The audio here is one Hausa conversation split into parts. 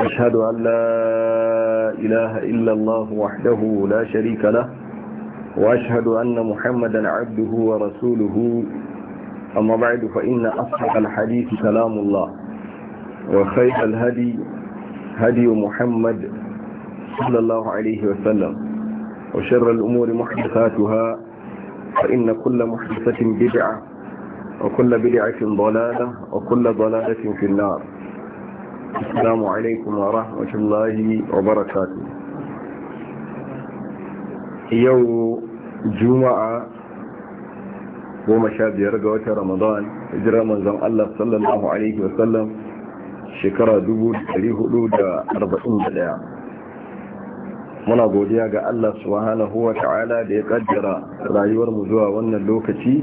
أشهد أن لا إله إلا الله وحده لا شريك له وأشهد أن محمدا عبده ورسوله أما بعد فإن أصحق الحديث كلام الله وخير الهدي هدي محمد صلى الله عليه وسلم وشر الأمور محدثاتها فإن كل محدثة بدعة وكل بدعة ضلالة وكل ضلالة في النار السلام عليكم ورحمة الله وبركاته يو جمعة goma sha biyar ga watan ramadan hijirar manzon Allah sallallahu alaihi wasallam shekara 441 muna godiya ga Allah subhanahu wa ta'ala da ya kaddara rayuwar mu zuwa wannan lokaci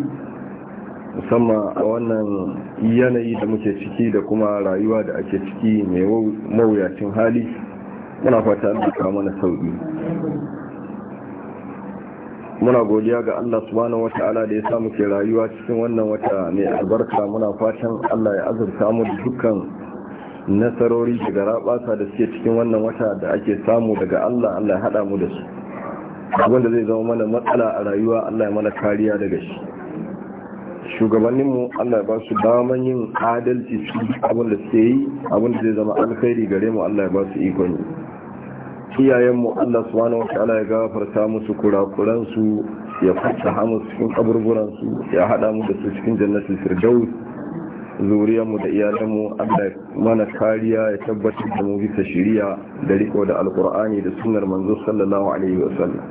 musamman a wannan yanayi da muke ciki da kuma rayuwa da ake ciki mai mawuyacin hali muna fata da mana sauƙi muna godiya ga Allah wata ala da ya sa muke rayuwa cikin wannan wata mai albarka muna fatan Allah ya azurta mu da dukkan nasarori daga rabasa da suke cikin wannan wata da ake samu daga Allah Allah ya hada mu da su abinda zai zama mana matsala a rayuwa Allah ya mana kariya daga shi shugabanninmu Allah ba su daman yin adalci su abin da suke yi abin da zai zama alkhairi gare mu Allah ya ba su ikon iyayenmu Allah subhanahu ala ya gafarta musu kurakuransu ya fata hamu cikin kaburburansu ya hada mu da su cikin jannatin firdaus zuriyarmu da iyalanmu Allah mana kariya ya tabbatar da mu bisa shiriya da riko da alkur'ani da sunar manzo sallallahu alaihi wasallam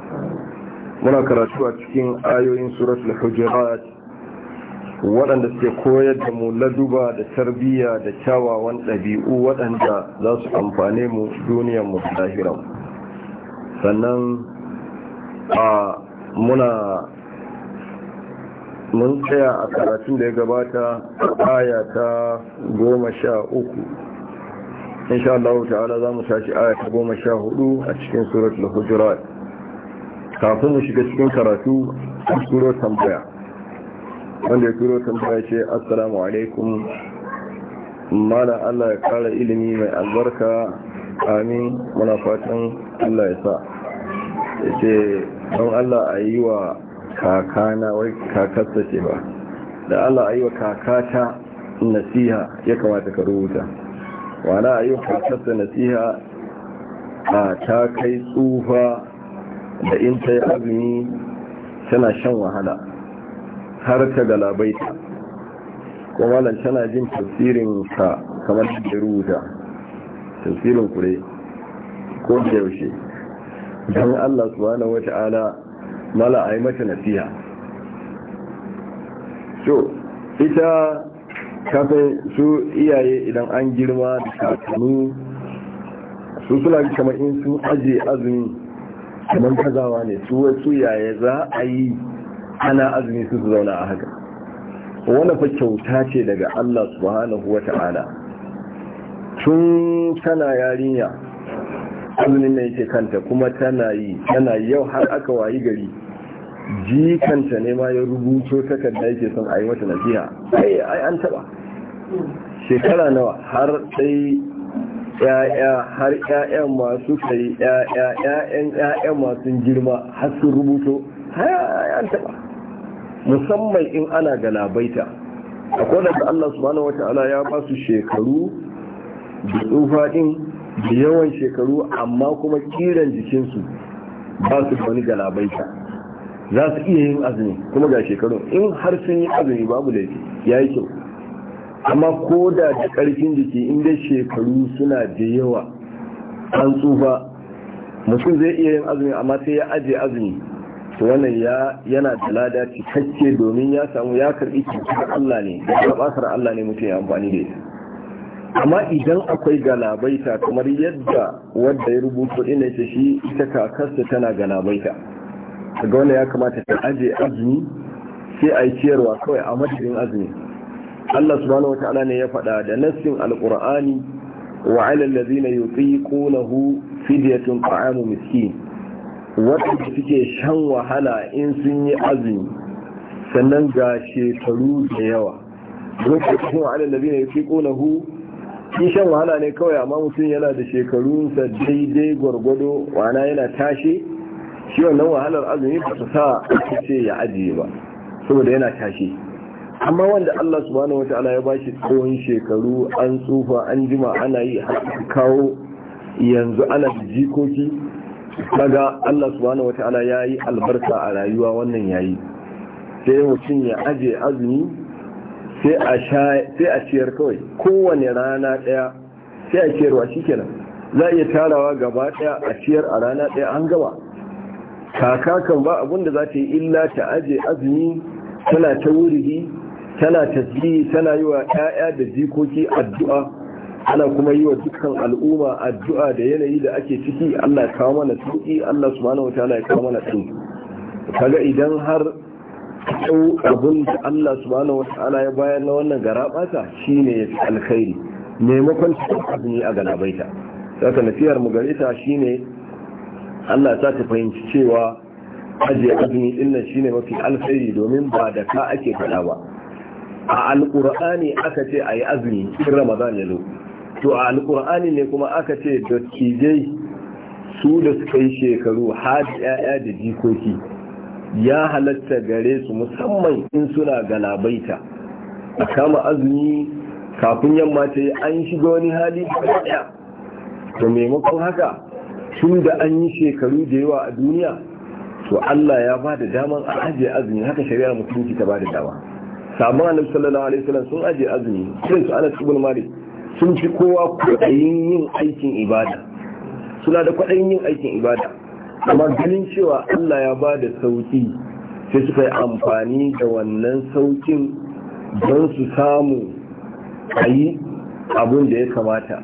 muna karatu a cikin ayoyin suratul hujurat waɗanda suke koyar da mu laduba da tarbiyya da kyawawan ɗabi'u waɗanda za su amfane mu duniyarmu da lahiran sannan a muna mun tsaya a karatun da ya gabata aya ta goma sha uku insha Allah ta'ala za mu sashi aya ta goma sha hudu a cikin suratul hujurat kafin mu shiga cikin karatu a surat tambaya wanda ya turo tambaya ce assalamu alaikum mala Allah ya kara ilimi mai albarka amin muna fatan Allah ya sa ya ce don Allah a yi wa kakana wai kakarsa ce ba da Allah a yi wa kakata nasiha ya kamata ka rubuta wana a yi wa kakarsa nasiha a ta kai tsufa da in ta yi azumi tana shan wahala har ta galabaita kuma nan tana jin tafsirin ka kamar da rubuta tafsirin kure ko da yaushe don Allah subhanahu wata'ala mala a mata nasiha so ita kafin su iyaye idan an girma da kakanni su suna kamar in su ajiye azumi kamar kazawa ne su wasu yaya za a yi ana azumi su su zauna a haka wani fa kyauta ce daga Allah subhanahu wa ta'ala tun tana yarinya azumin ne yake kanta kuma tana yi tana yau har aka wayi gari jikanta ne ma ya rubuto takarda yake son a yi mata nasiha ai ai an taba shekara nawa har sai ya'ya har ya'yan masu kai ya'ya ya'yan ya'yan masu girma har sun rubuto ai an taba musamman in ana galabaita akwai da Allah subhanahu ala ya ba su shekaru da tsufa din da yawan shekaru amma kuma kiran jikinsu ba su da wani galabaita za su iya yin azumi kuma ga shekaru in har sun yi azumi babu laifi ya yi kyau amma ko da da ƙarfin jiki inda shekaru suna da yawa an tsufa mutum zai iya yin azumi amma sai ya ajiye azumi wannan ya yana da lada cikakke domin ya samu ya karbi cikin Allah ne da basar Allah ne mutum ya amfani da ita amma idan akwai galabaita kamar yadda wanda ya rubuto ina ce shi ita kakarsa tana galabaita kaga wannan ya kamata ta aje azumi sai a yi ciyarwa kawai a madadin azumi Allah subhanahu wataala ne ya faɗa da nassin alqur'ani wa 'ala allazina yutiqunahu fidyatun ta'amu miskin waɗanda suke shan wahala in sun yi azumi sannan ga shekaru da yawa lokacin wa fi ƙona hu? shi shan wahala ne kawai amma mutum yana da shekarunsa daidai gwargwado wana yana tashi shi wannan wahalar azumi ba su sa ake ce ya ajiye ba saboda yana tashe amma wanda Allah subhanahu wataala ya bashi tsohon shekaru an tsufa an jima ana yi har kawo yanzu ana da jikoki kaga Allah subhanahu wataala yi albarka a rayuwa wannan yayi sai mutum ya aje azumi sai a ciyar kawai kowane rana daya sai a ciyarwa shikenan za a iya tarawa gaba daya a ciyar a rana daya an gaba kaka kan ba abin da za ta yi illa ta aje azumi tana ta wurigi tana tasbihi tana yi wa 'ya'ya da jikoki addu'a ana kuma yi wa dukkan al'umma addu'a da yanayi da ake ciki Allah ya kawo mana tuki Allah subhanahu wataala ya kawo mana tuki kaga idan har kyau abin da Allah subhanahu wataala ya bayar na wannan garabata shine ya fi alkhairi maimakon azumi a galabaita saka nasiyar mu gare ta shine Allah ya ta fahimci cewa aje azumi din nan shine mafi alkhairi domin ba da ka ake faɗa ba a alƙur'ani aka ce a yi azumi in ramadan ya zo to a alkur'ani ne kuma aka ce dattijai su da suka yi shekaru har ya'ya da jikoki ya halatta gare su musamman in suna galabaita a kama azumi kafin yamma ta yi an shiga wani hali da to maimakon haka tun da an yi shekaru da yawa a duniya to Allah ya ba da daman a ajiye azumi haka shari'ar musulunci ta ba da dama sabon annabi sallallahu alaihi wasallam sun ajiye azumi sai su ibn Malik sun fi kowa kwaɗayin yin aikin ibada suna da kwaɗayin yin aikin ibada amma ganin cewa Allah ya ba da sauƙi sai suka yi amfani da wannan sauƙin don su samu a yi abin da ya kamata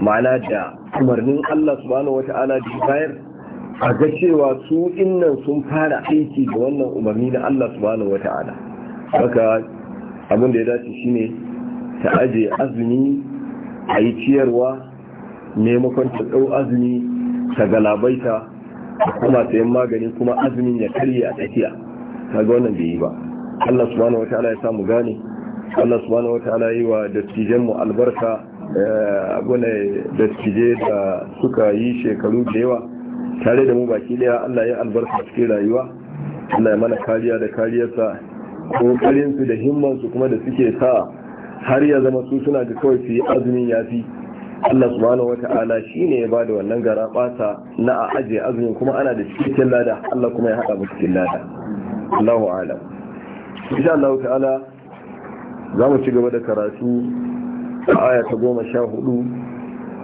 ma'ana da umarnin Allah subhanahu wata'ala da bayar a ga cewa su innan sun fara aiki da wannan umarni da Allah subhanahu wata'ala haka abin da ya dace shine ta aje azumi a yi ciyarwa maimakon ta ɗau azumi ta galabaita kuma sayan magani kuma azumin ya karye a tafiya. Ta ga wannan bai yi ba Allah subhanahu ala ya samu gane Allah subhanahu wataala yi wa dattijan mu albarka eh, abuna dattije da suka yi shekaru da yawa tare da mu baki daya Allah ya albarka cikin rayuwa Allah ya mana kariya da kariyarsa kokarin su da himman su kuma da suke sa har ya zama su suna da kawai su yi azumin ya fi Allah subhanahu wa ta'ala shi ne ya bada wannan gara na a ajiye azumin kuma ana da cikin lada Allah kuma ya haɗa mu cikin lada Allahu alam insha Allah ta'ala za mu ci gaba da karatu a aya ta goma sha hudu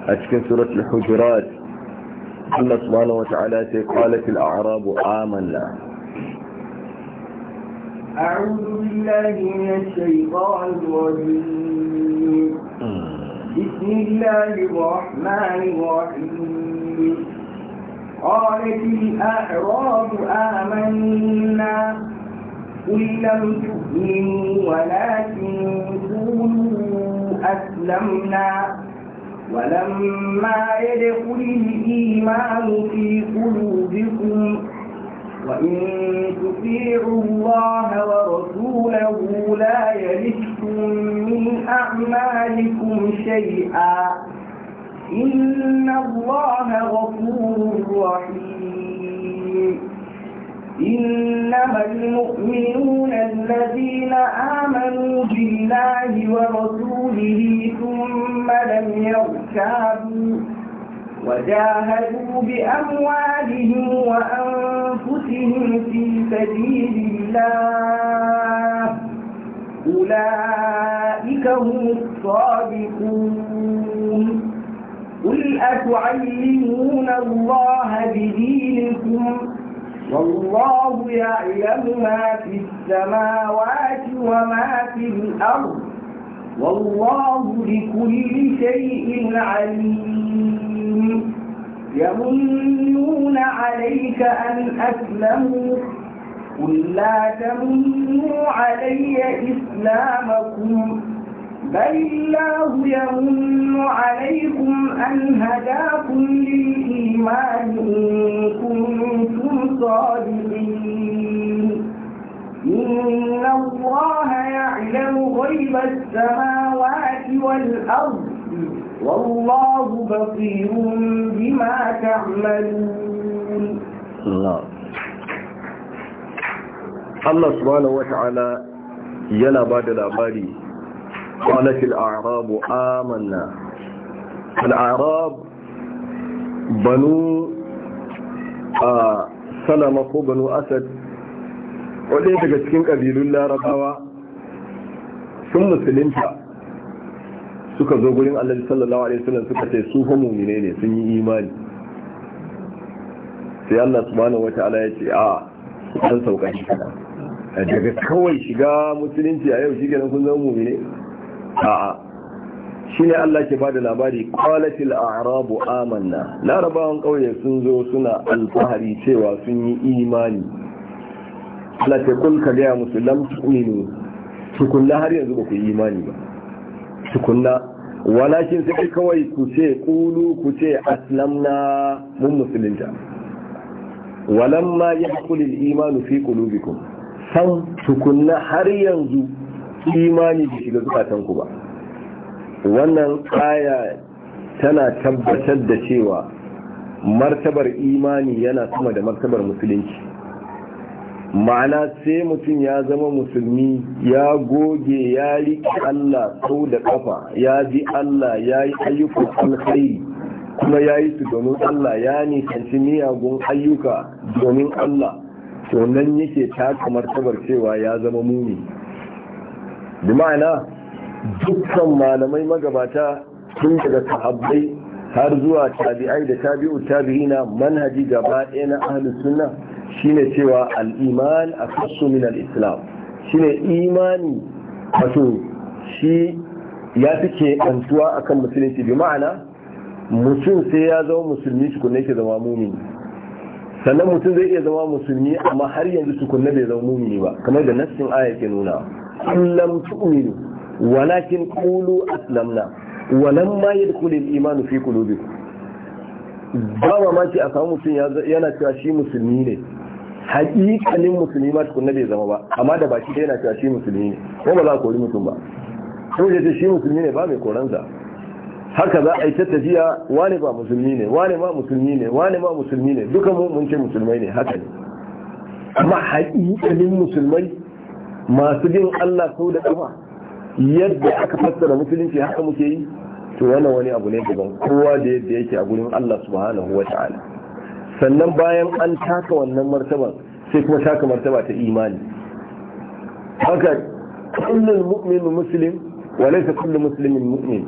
a cikin suratul hujurat Allah subhanahu wa ta'ala sai qalatil a'rabu amanna أعوذ بالله من الشيطان الرجيم بسم الله الرحمن الرحيم قالت الأعراب آمنا قل لم تؤمنوا ولكن قولوا أسلمنا ولما يدخل الإيمان في قلوبكم وإن تطيعوا الله ورسوله لا يلدكم من أعمالكم شيئا إن الله غفور رحيم إنما المؤمنون الذين آمنوا بالله ورسوله ثم لم يرتابوا وجاهدوا بأموالهم وأنفسهم في سبيل الله أولئك هم الصادقون قل أتعلمون الله بدينكم والله يعلم ما في السماوات وما في الأرض والله لكل شيء عليم يمنون عليك أن أسلموا قل لا تمنوا علي إسلامكم بل الله يمن عليكم أن هداكم للإيمان إن كنتم صادقين إن الله يعلم غيب السماوات والأرض والله بصير بما تعملون نعم. الله سبحانه وتعالى يلا بعد الأباري قالت الأعراب آمنا الأعراب بنو آه سلمة بنو أسد waɗaya daga cikin ƙabilun larabawa sun musulunta suka zo gurin Allah sallallahu alaihi wasallam suka ce su homo ne ne sun yi imani sai Allah subhanahu wataala ya ce a san sauka shi daga kawai shiga musulunci a yau shi gina kun zama mu'mine a a ne Allah ke bada labari qalatil a'rabu amanna larabawan kauye sun zo suna alfahari cewa sun yi imani Allah ta kul ka gaya musu lam tu'minu tukunna har yanzu ba ku yi imani ba tukunna walakin sai kawai ku ce kulu ku ce aslamna mun musulunta walamma yaqul al-iman fi qulubikum san tukunna har yanzu imani bi shiga ku ba wannan aya tana tabbatar da cewa martabar imani yana sama da martabar musulunci ma'ana sai mutum ya zama musulmi ya goge ya riƙe Allah sau da ƙafa ya bi Allah ya yi ayyukan alkhairi kuma ya yi su domin Allah ya nisanci miyagun ayyuka domin Allah to nan yake ta taka martabar cewa ya zama muni da ma'ana dukkan malamai magabata tun daga sahabbai har zuwa tabi'ai da tabi'u tabi'ina manhaji gaba ɗaya na ahlus sunna shine cewa al-iman kasu min al-islam shine imani wato shi ya fi ke antuwa akan musulunci bi ma'ana mutum sai ya zama musulmi tukunna yake zama mumini sannan mutum zai iya zama musulmi amma har yanzu tukunna bai zama mumini ba kamar da nassin aya ke nuna kullum tu'minu walakin qulu aslamna walam ma al-iman fi qulubikum ba mamaki a samu mutum yana cewa shi musulmi ne haƙiƙanin musulmi ma tukunna bai zama ba amma da baki ɗaya na cewa shi musulmi ne ko ba za a kori mutum ba ko ya ce shi musulmi ne ba mai koransa haka za a yi tattafiya wane ba musulmi ne wane ma musulmi ne wane ma musulmi ne duka mu mun ce musulmai ne haka ne amma haƙiƙanin musulmai masu bin Allah sau da kafa yadda aka fassara musulunci haka muke yi to wannan wani abu ne daban kowa da yadda yake a gurin Allah subhanahu wa ta'ala sannan bayan an taka wannan martaba sai kuma taka martaba ta imani haka kullum mu'min muslim wa laysa kullu muslimin mu'min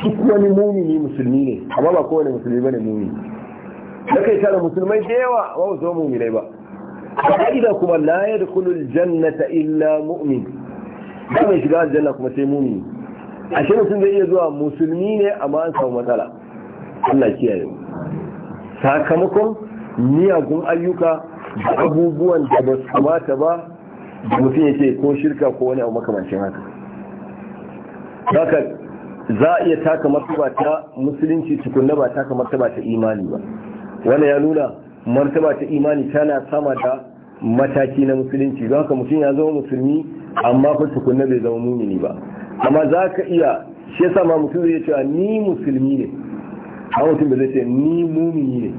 duk wani mumini musulmi ne amma ba kowane musulmi bane mumini kai tare musulmai da yawa ba su muminai ba ka'ida kuma la yadkhulu aljannata illa mu'min ba mai shiga aljanna kuma sai mumini ashe mutum zai iya zuwa musulmi ne amma an samu matsala Allah kiyaye mu sakamakon miyagun ayyuka da abubuwan da ba su kamata ba da mutum ya ko shirka ko wani abu makamancin haka za a iya taka martaba ta musulunci tukunna ba taka martaba ta imani ba Wani ya nuna martaba ta imani tana sama da mataki na musulunci za ka mutum ya zama musulmi amma fa tukunna bai zama mumini ba amma za ka iya shi ma mutum zai cewa ni musulmi ne a mutum da zai ce ni mumini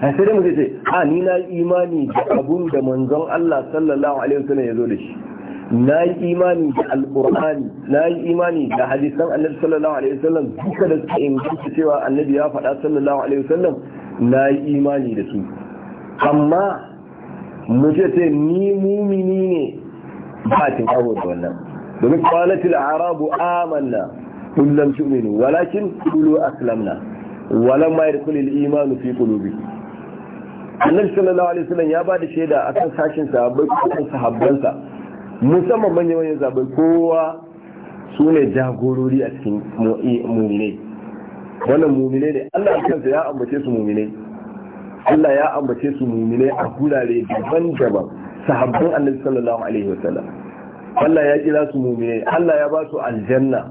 ne a sai dai mutum ce a ah, ni na imani da abun da manzon Allah sallallahu alaihi wasallam ya zo da shi na yi imani da alƙur'ani na yi imani da hadisan annabi sallallahu alaihi wasallam duka da suka inganta cewa annabi ya faɗa sallallahu alaihi wasallam na yi imani da su amma mu ce ce ni mumini ne ba ta kawo da wannan domin kwalatul arabu amanna قل لم تؤمنوا ولكن قولوا أسلمنا ولما يدخل الإيمان في قلوبكم annabi sallallahu alaihi wasallam ya bada shaida akan sashin sahabbai kan sahabbansa musamman manyan manyan sahabbai kowa su ne jagorori a cikin muminai wannan muminai ne Allah kansa ya ambace su muminai Allah ya ambace su muminai a gurare daban-daban sahabban annabi sallallahu alaihi wasallam Allah ya kira su muminai Allah ya ba su aljanna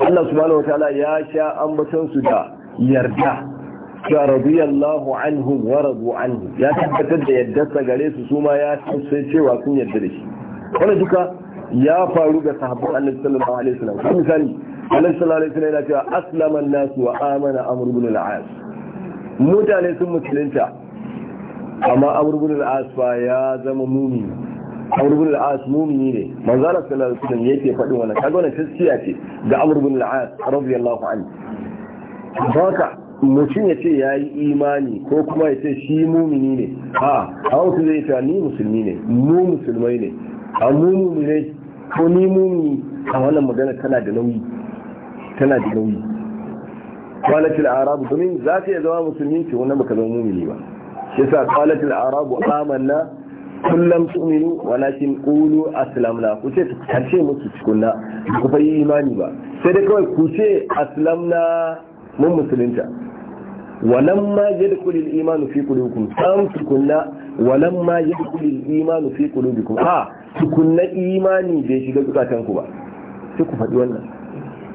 Allah subhanahu wataala ya sha ambaton su da yarda ya radiyallahu anhu wa radu anhu ya tabbatar da yaddarsa gare su su ma ya sai cewa sun yarda da shi wannan duka ya faru ga sahabban Annabi sallallahu alaihi wasallam kuma misali Annabi sallallahu alaihi wasallam yana cewa aslama an-nas wa amana Amr ibn al-As mutane sun musulunta amma Amr ibn al-As fa ya zama mumini amr ibn mumini ne manzo Allah sallallahu alaihi wasallam yake faɗin wani kaga ta siya ce ga amurbin ibn al-as radiyallahu anhu haka mutum ya ce ya yi imani ko kuma ya ce shi mumini ne a a wasu zai ta ni musulmi ne mu musulmai ne a mu mumini ko ni mumini a wannan magana tana da nauyi tana da nauyi kwalatul arabu domin za ta iya zama musulmi ce wannan baka zama mumini ba shi yasa kwalatul arabu amanna kullum tsuminu walakin kulu aslamna ku ce karshe musu cikin da ku yi imani ba sai dai kawai ku ce aslamna mun musulunta walam ma yadkhulu al-imanu fi qulubikum sam tukunna walam ma yadkhulu al-imanu fi qulubikum Ha, ah, tukunna imani bai shiga zukatan ku ba sai ku faɗi wannan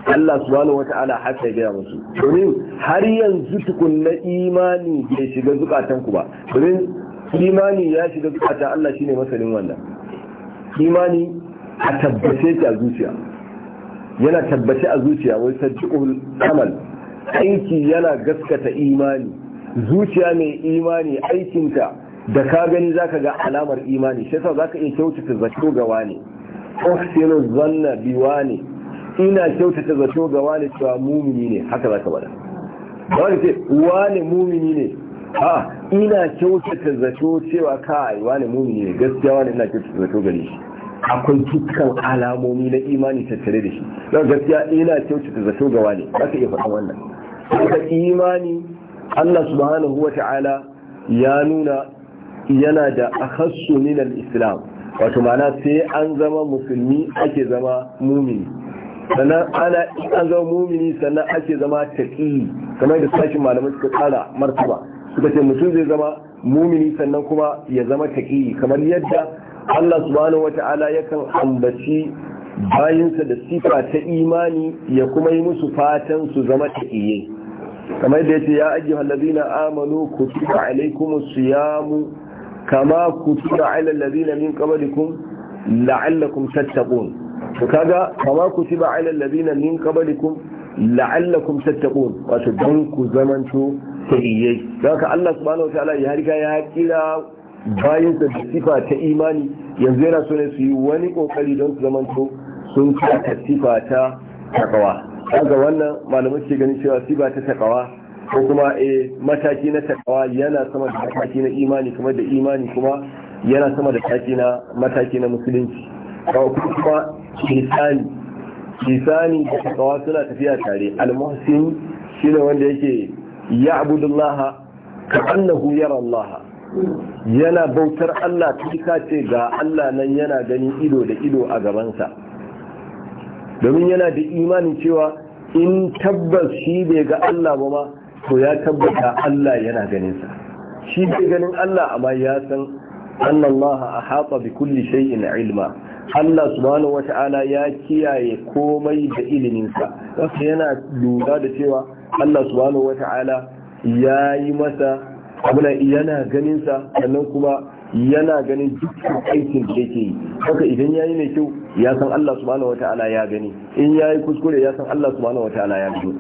Allah subhanahu wata ala haka ya gaya musu domin har yanzu tukunna imani bai shiga zukatan ba domin imani ya shiga zukata Allah shine masanin wannan imani a tabbace ta a zuciya yana tabbace a zuciya wai saddiqul amal aiki yana gaskata imani zuciya mai imani aikinta da ka gani zaka ga alamar imani shi yasa zaka iya kyautata zato ga wani uhsinu zanna bi wani ina kyautata zato ga wani cewa mumini ne haka zaka bada wani ce wani mumini ne a ina kyautata zato cewa ka wani mumini ne gaskiya wani ina kyautata zato gare shi akwai dukkan alamomi na imani tattare da shi don gaskiya ina kyautata zato ga wani za ka iya faɗan wannan haka imani Allah subhanahu wa ta'ala ya nuna yana da akhassu min al-islam wato ma'ana sai an zama musulmi ake zama mumini sannan ana an zama mumini sannan ake zama taqi kamar da sashin malamai suka tsara martaba suka ce mutum zai zama mumini sannan kuma ya zama taƙi kamar yadda Allah subhanahu wata'ala yakan ambaci bayinsa da sifa ta imani ya kuma yi musu fatan su zama taƙiye kamar da ya ce ya ajiye hallazina amanu su ya mu, kama ku kutiba ala allazina min qablikum la'allakum tattaqun to kaga kama ku kutiba ala allazina min qablikum la'allakum tattaqun wato dan ku zamanto shahiyai da ka Allah subhanahu wa ta'ala ya riga ya kira bayan da sifa ta imani yanzu yana so ne su yi wani kokari don su zamanto sun kata sifa ta takawa daga wannan malamai ke ganin cewa sifa ta takawa ko kuma e mataki na takawa yana sama da mataki na imani kuma da imani kuma yana sama da mataki na mataki na musulunci kuma kisani kisani da takawa suna tafiya tare al-muhsin shine wanda yake ya'budu Allah ka'annahu yara Allah yana bautar Allah ka ce ga Allah nan yana gani ido da ido a gabansa domin yana da imanin cewa in tabbas shi bai ga Allah ba ma to ya tabbata Allah yana ganinsa shi bai ganin Allah amma ya san annallaha ahata bi kulli shay'in ilma Allah subhanahu wata'ala ya kiyaye komai da iliminsa yana lura da cewa Allah subhanahu wata'ala ya yi masa abuna yana ganin sannan kuma yana ganin dukkan aikin da yake yi haka idan yayi mai kyau ya san Allah subhanahu wata'ala ya gani in yayi kuskure ya san Allah subhanahu wata'ala ya gani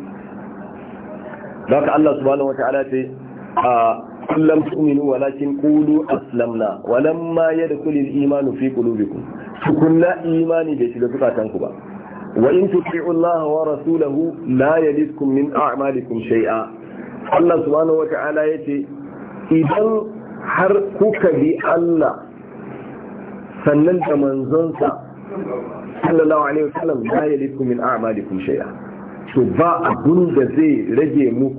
haka Allah subhanahu wata'ala ce a kullum tu'minu walakin qulu aslamna walamma yadkhulul imanu fi qulubikum tukunna imani bai shiga zukatanku ba وإن تطيعوا الله ورسوله لا يلدكم من أعمالكم شيئا الله سبحانه وتعالى يتي إذا حركك بالله سننت منزنسا صلى الله عليه وسلم لا يلدكم من أعمالكم شيئا to ba abun zai rage muku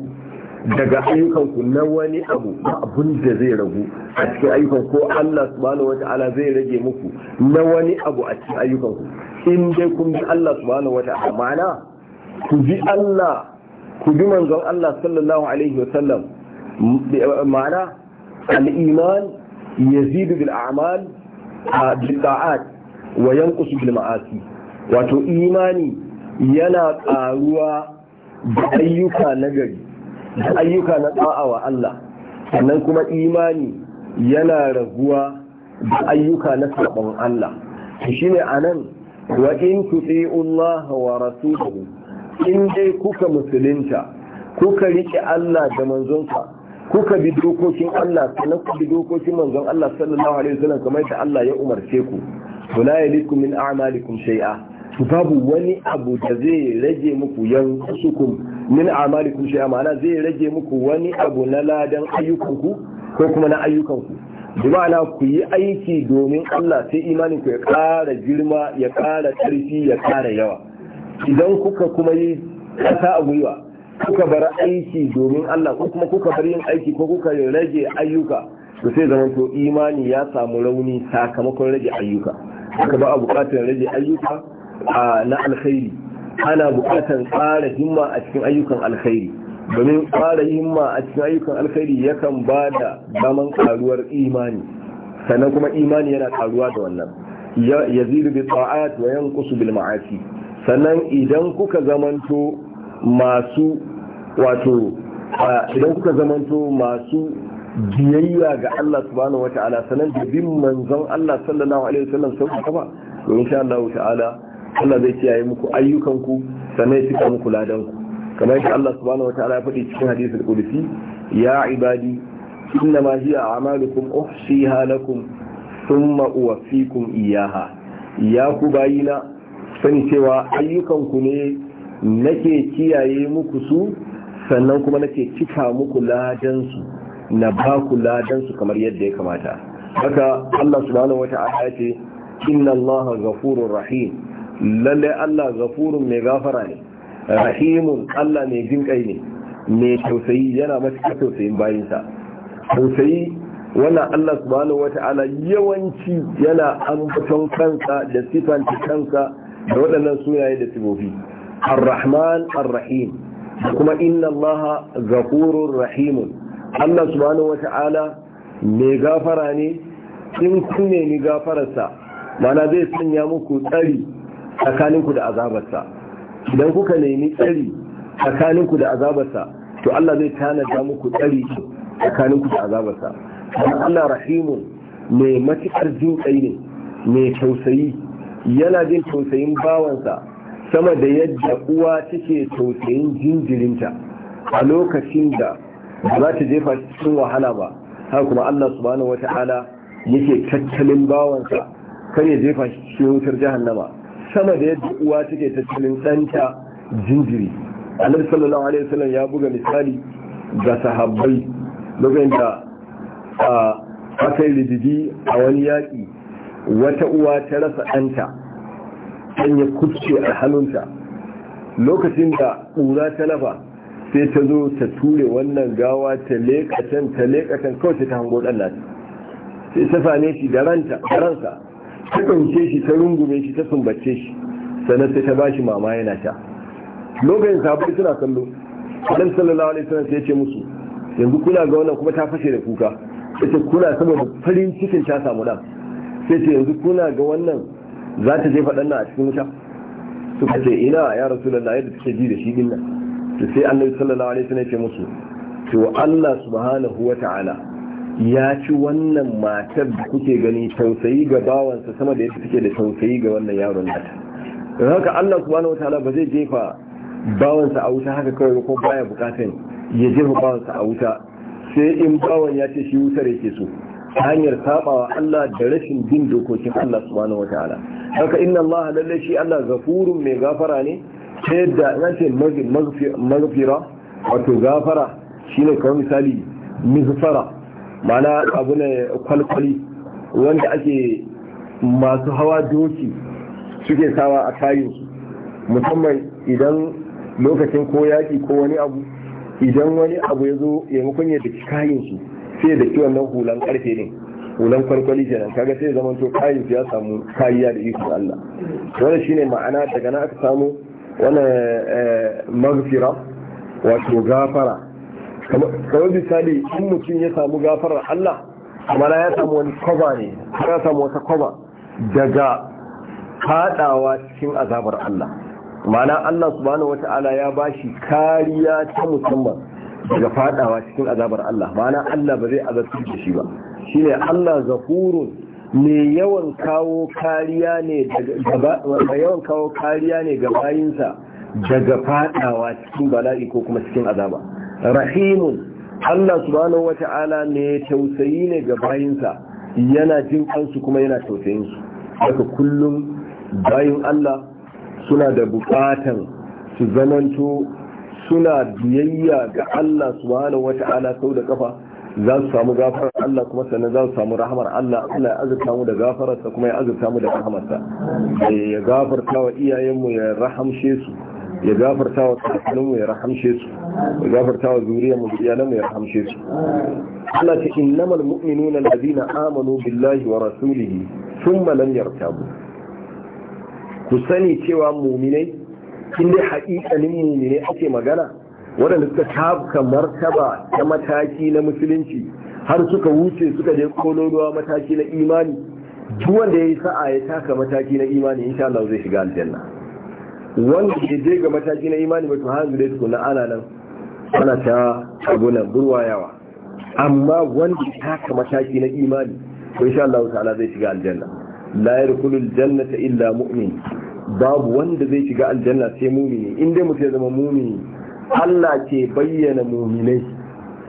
daga ayyukanku na wani abu ba abun da zai ragu a cikin ayyukan ko Allah subhanahu wata'ala zai rage muku na wani abu a cikin ayyukanku in dai kun bi Allah subhanahu wata'ala ma'ana ku bi Allah ku bi manzon Allah sallallahu alaihi wa ma'ana al-iman yazidu bil a'mal bil da'at wa yanqusu bil ma'asi wato imani yana karuwa da ayyuka na gari da ayyuka na da'a wa Allah sannan kuma imani yana raguwa da ayyuka na sabon Allah shi ne a nan wa in tuti Allah wa rasuluhu. in dai kuka musulunta kuka rike Allah da manzonsa kuka bi dokokin Allah kana ku bi dokokin manzon Allah sallallahu alaihi wasallam kamar da Allah ya umarce ku wala yalikum min a'malikum shay'a babu wani abu da zai rage muku yansukum min a'malikum shay'a ma'ana zai rage muku wani abu na ladan ayyukanku ko kuma na ayyukanku bi ma'ana ku yi aiki domin Allah sai imanin ku ya ƙara girma ya ƙara ƙarfi ya ƙara yawa idan kuka kuma yi ƙasa a gwiwa kuka bar aiki domin Allah ko kuma kuka bar yin aiki ko kuka rage ayyuka to sai zama to imani ya samu rauni sakamakon rage ayyuka haka ba a buƙatar rage ayyuka na alkhairi ana buƙatar ƙara himma a cikin ayyukan alkhairi domin fara himma a cikin ayyukan alkhairi yakan ba da daman karuwar imani sannan kuma imani yana karuwa da wannan ziru bi ta'at wa yanqusu bil ma'asi sannan idan kuka zamanto masu wato idan kuka zamanto masu biyayya ga Allah subhanahu wata'ala sannan da bin manzon Allah sallallahu alaihi wasallam sau kama to insha Allah ta'ala Allah zai kiyaye muku ayyukan ku sannan ya cika muku ladan ku kamar yadda Allah subhanahu wataala ya faɗi cikin hadisi al-qudsi ya ibadi innama hiya a'malukum uhsiha lakum thumma uwaffikum iyaha ya ku bayina sani cewa ayyukanku ne nake kiyaye muku su sannan kuma nake cika muku ladansu na ba ku su kamar yadda ya kamata haka Allah subhanahu wata'ala ya ce inna Allah ghafurur rahim lalle Allah ghafurun mai gafara ne rahimun Allah mai jin kai ne mai tausayi yana matuƙa tausayin bayinsa tausayi wannan Allah subhanahu wata'ala yawanci yana ambaton kansa da sifanta kansa da waɗannan sunaye da sifofi ar-rahman ar-rahim kuma inna allaha ghafurur rahim Allah subhanahu wata'ala mai gafara ne in kun ni gafararsa mana zai sanya muku tsari tsakaninku da azabarsa idan kuka nemi tsari tsakaninku da azabarsa to Allah zai tanada muku tsari tsakaninku da azabarsa Kuma Allah rahimun mai matukar jin kai ne mai tausayi yana jin tausayin bawansa sama da yadda uwa take tausayin jinjirinta a lokacin da za ta jefa cikin wahala ba haka kuma Allah subhanahu wata'ala yake tattalin bawansa kan ya jefa shi cikin wutar jahannama sama da yadda uwa take tattalin ɗanta jinjiri annabi sallallahu alaihi wasallam ya buga misali ga sahabbai lokacin da aka yi a wani yaƙi wata uwa ta rasa ɗanta an ya kuce a hannunta lokacin da ƙura ta lafa sai ta zo ta ture wannan gawa ta leƙa can ta leƙa can kawai ta hango ɗan nata sai ta same shi da ransa ta ɗauke shi ta rungume shi ta sumbace shi sannan sai ta bashi mama yana sha lokacin sabai suna kallo adam sallallahu alaihi wasallam sai ya ce musu yanzu kuna ga wannan kuma ta fashe da kuka ita kuna saboda farin cikin ta samu dan sai ce yanzu kuna ga wannan za ta jefa dan nan a cikin wuta suka ce ina ya rasulullahi yadda take ji da shi din nan to sai annabi sallallahu alaihi wasallam ya ce musu to Allah subhanahu Ta'ala. ya ci wannan matar da kuke gani tausayi ga bawansa sama da yadda take da tausayi ga wannan yaron nata don haka Allah subhanahu wataala ba zai jefa bawansa a wuta haka kawai ko baya bukatan ya jefa bawansa a wuta sai in bawan ya ce shi wutar yake so hanyar sabawa Allah da rashin bin dokokin Allah subhanahu wataala haka inna Allah lalle shi Allah gafurun mai gafara ne ta yadda na ce magfira wato gafara shine kamar misali mizfara mana abu ne kwalkwali wanda ake masu hawa doki suke sawa a kayinsu musamman idan lokacin ko yaƙi ko wani abu idan wani abu ya zo ya mukun ya daki kayansu sai da kiwon nan hulan karfe ne hulan kwalkwali kenan kaga sai zaman to kayansu ya samu kariya da ikon Allah wani shine ma'ana daga na aka samu wani eh, maghfira wato gafara kamar misali in mutum ya samu gafarar Allah mana ya samu wani kwaba ne ya samu wata kwaba daga fadawa cikin azabar Allah mana Allah subhanahu ta'ala ya bashi kariya ta musamman daga fadawa cikin azabar Allah mana Allah ba zai azabtar da shi ba shine Allah zafurun mai yawan kawo kariya ne daga yawan kawo kariya ne ga bayinsa daga fadawa cikin bala'i ko kuma cikin azaba rahimun Allah subhanahu wata'ala ne tausayi ne ga bayinsa yana jin kansu kuma yana tausayin su haka kullum bayin Allah suna da bukatan su zamanto suna biyayya ga Allah subhanahu wata'ala sau da kafa za su samu gafarar Allah kuma sannan za su samu rahamar Allah Allah ya azurta mu da gafararsa kuma ya azurta mu da rahamarsa eh, ya gafarta wa iyayenmu ya rahamshe su ya gafarta wa kasanin ya rahamshe su ya gafarta wa mu ya rahamshe su Allah ta innamal mu'minuna na amanu billahi wa rasulihi thumma lam bu. ku sani cewa mu'minai inda haƙiƙanin mu'minai ake magana waɗanda suka tabka martaba ta mataki na musulunci har suka wuce suka je kololuwa mataki na imani duk wanda ya yi sa'a ya taka mataki na imani insha Allah zai shiga aljanna wanda ke je ga mataki na imani mai tuhan hanzu dai tukuna ana nan ana ta burwa burwayawa amma wanda ta ka mataki na imani ko insha Allah ta'ala zai shiga aljanna la Janna ta illa mu'min babu wanda zai shiga aljanna sai mu'mini in dai mutum ya zama mu'mini Allah ke bayyana mu'minai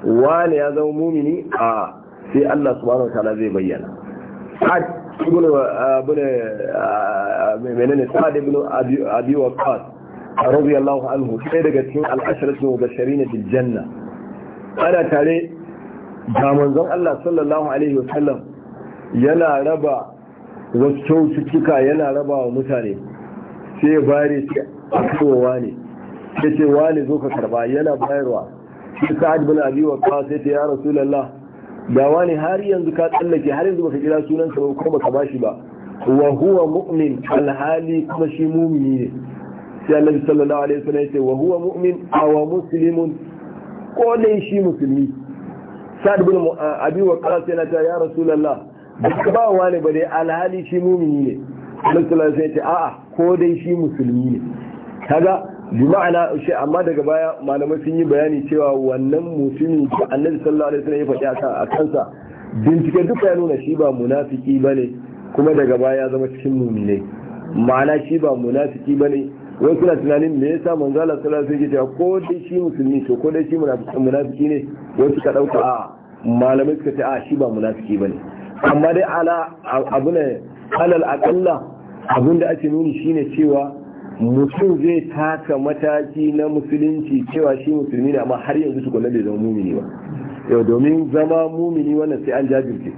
wani ya zama mu'mini a sai Allah subhanahu wa ta'ala zai bayyana ibn uh, ibn uh, menene sa'ad ibn abi waqas radiyallahu anhu sai daga cikin al'ashratu wa basharin fil janna ana tare ga manzon Allah sallallahu alaihi wa sallam yana raba wasu cikika yana raba wa mutane sai bare shi a kowa wani. sai ce wani zo ka karba yana bayarwa sai sa'ad ibn abi waqas sai ya rasulullah Da wani har yanzu ka tsallake har yanzu baka kira sunan sa ko baka bashi ba wa huwa mu'min alhali kuma shi mu'mini ne sai Allah sallallahu alaihi wasallam yace wa huwa mu'min aw muslimun ko dai shi musulmi sa'ad bin abi waqas na ta ya rasulullah Baka ba wani ba dai alhali shi mu'mini ne Allah sallallahu alaihi wasallam yace a'a ko dai shi musulmi ne kaga bi ma'ana shi amma daga baya malamai sun yi bayani cewa wannan mutumin da annabi sallallahu alaihi wasallam ya faɗi a kansa bincike duka ya nuna shi ba munafiki bane kuma daga baya ya zama cikin muminai ma'ana shi ba munafiki bane wai suna tunanin me yasa manzo Allah sallallahu alaihi wasallam ya ko dai shi musulmi to ko dai shi munafiki ne wai suka dauka a malamai suka ce a shi ba munafiki bane amma dai ala abu alal aqalla abinda ake nuni shine cewa mutum zai taka mataki na musulunci cewa shi musulmi ne amma har yanzu tukuna bai zama mumini ba yau domin zama mumini wannan sai an jajirce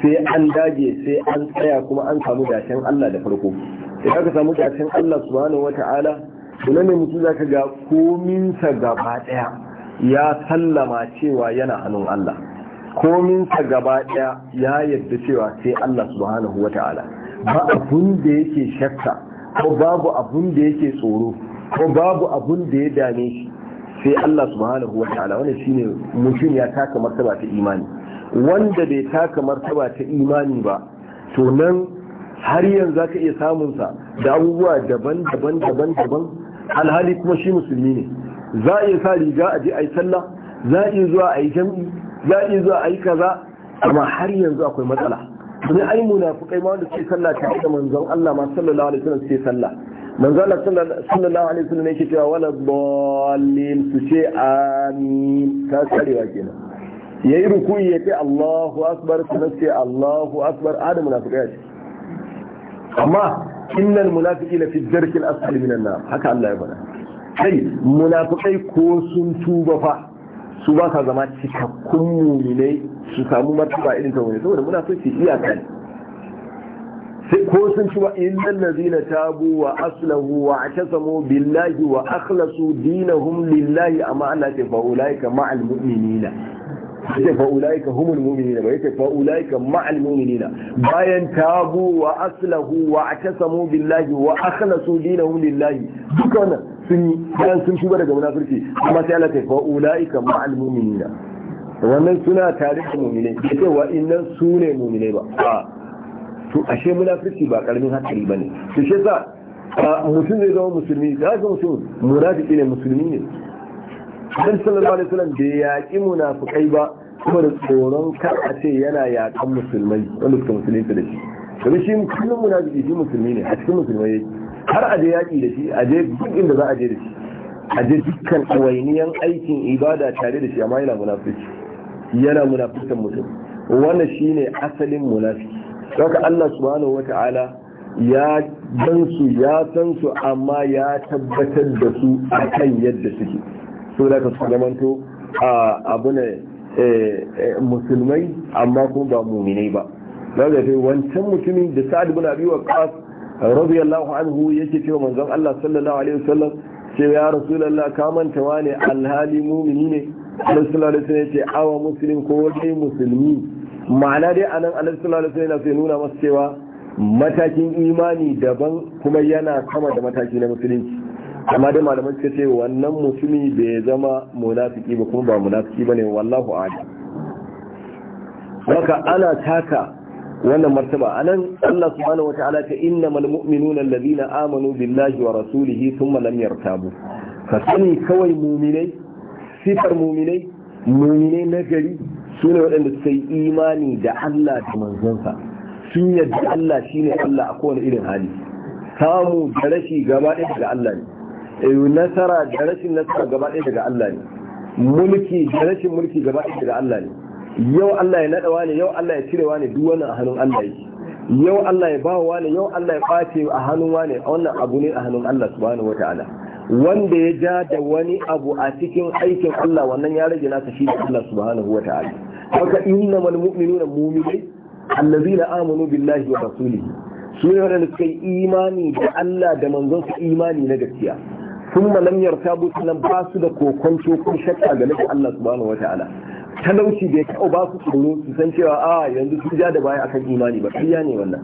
sai an dage sai an tsaya kuma an samu dashen Allah da farko idan ka samu dashen Allah subhanahu wata'ala kuma ne mutum zaka ga kominsa gaba daya ya sallama cewa yana hannun Allah kominsa gaba daya ya yarda cewa sai Allah subhanahu wata'ala ba abun da yake shakka ko babu abun da yake tsoro ko babu abun da ya dame shi sai Allah subhanahu wa ta'ala wannan shine mutum ya taka martaba ta imani wanda bai taka martaba ta imani ba to nan har yanzu zaka iya samun sa da abubuwa daban-daban daban-daban alhali kuma shi musulmi ne za a iya sa riga a je a yi sallah za a iya zuwa a yi jam'i za a iya zuwa a yi kaza amma har yanzu akwai matsala domin ai munafukai ma wanda suke sallah ta da manzon Allah ma sallallahu alaihi wasallam suke sallah manzon Allah sallallahu alaihi wasallam yake cewa wala dallin su ce amin ta karewa kenan yayi ruku'i yake Allahu akbar kuma ce Allahu akbar adam munafikai ce amma innal munafiqina fi ddarki al-asfali minan nar haka Allah ya faɗa kai munafikai ko sun tuba fa su ba ka zama cikakkun mu'minai su samu martaba irin ta wani saboda muna so su iyaka ne sai ko sun ci ba illal ladina tabu wa aslahu wa atasamu billahi wa akhlasu dinahum lillahi amma Allah ya fa ulaika ma'al mu'minina yace fa ulaika humul mu'minina ba yace fa ulaika ma'al mu'minina bayan tabu wa aslahu wa atasamu billahi wa akhlasu dinahum lillahi duka sun yi sun shiga daga munafurci, amma sai Allah ya fa ulaika ma'al mu'minina wannan suna tare da muminai da cewa innan su ne muminai ba to ashe munafiki ba karamin ba ne. to shi yasa mutum zai zama musulmi za haka mutum munafiki ne musulmi ne dan sallallahu alaihi wasallam bai yaƙi munafikai ba kuma da tsoron kar a ce yana yakan musulmai wanda suka musulunta da shi domin shi kullum munafiki shi musulmi ne a cikin musulmai yake har a je yaƙi da shi a je duk inda za a je da shi a je dukkan ɗawainiyan aikin ibada tare da shi amma yana munafiki yana munafikan mutum wannan shine asalin munafiki saka Allah subhanahu wata'ala ya dan su ya san su amma ya tabbatar da su akan yadda suke so da ka zamanto abu ne eh, eh, musulmai amma kuma ba muminai ba daga sai wancan mutumin da sa'ad bin abi waqas radiyallahu anhu yake cewa manzon Allah sallallahu alaihi wasallam sai ya rasulullah ka manta ne alhali mumini ne ya ce awa ma'ana dai nuna masa cewa matakin imani daban kuma yana kama da mataki na musulunci amma dai malamai suka ce wannan musulmi bai zama munafiki ba kuma ba munafiki bane wallahu maka ana taka wannan martaba anan Allah subhanahu wata'ala ta mal mu'minuna allazina amanu billahi wa rasulihi thumma lam yartabu ka sani kawai mu'minai sifar muminai muminai na gari su ne waɗanda suka yi imani da Allah da manzansa sun yadda Allah shine Allah a kowane irin hali samu da rashi gaba ɗaya daga Allah ne eh, nasara da rashin nasara gaba ɗaya daga Allah ne mulki da rashin mulki gaba ɗaya daga Allah ne yau Allah ya naɗa ne, yau Allah ya cire ne duk wannan a hannun Allah yake yau Allah ya bawa wani yau Allah ya ɓace a hannun wani wannan abu ne a hannun Allah subhanahu wataala wanda ya ja da wani abu a cikin aikin Allah wannan ya rage nasa shi da Allah subhanahu wa ta'ala haka innamal mu'minuna mu'minai allazina amanu billahi wa rasulihi su ne wadanda suka yi imani da Allah da manzon su imani na gaskiya thumma lam yartabu sannan ba su da kokonto ko shakka game da Allah subhanahu wa ta'ala talauci bai kawo ba su tsoro su san cewa a ah, yanzu sun ja da baya akan imani ba kariya ne wannan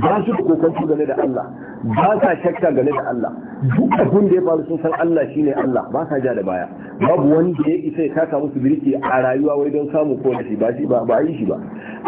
ba su da kokonto game da Allah ba sa shakka game da Allah duk abin da ya faru sun san Allah shine Allah ba sa ja da baya babu wani da ya isa ya taka musu birki a rayuwa wai don samu ko da shi ba shi ba ba yi shi ba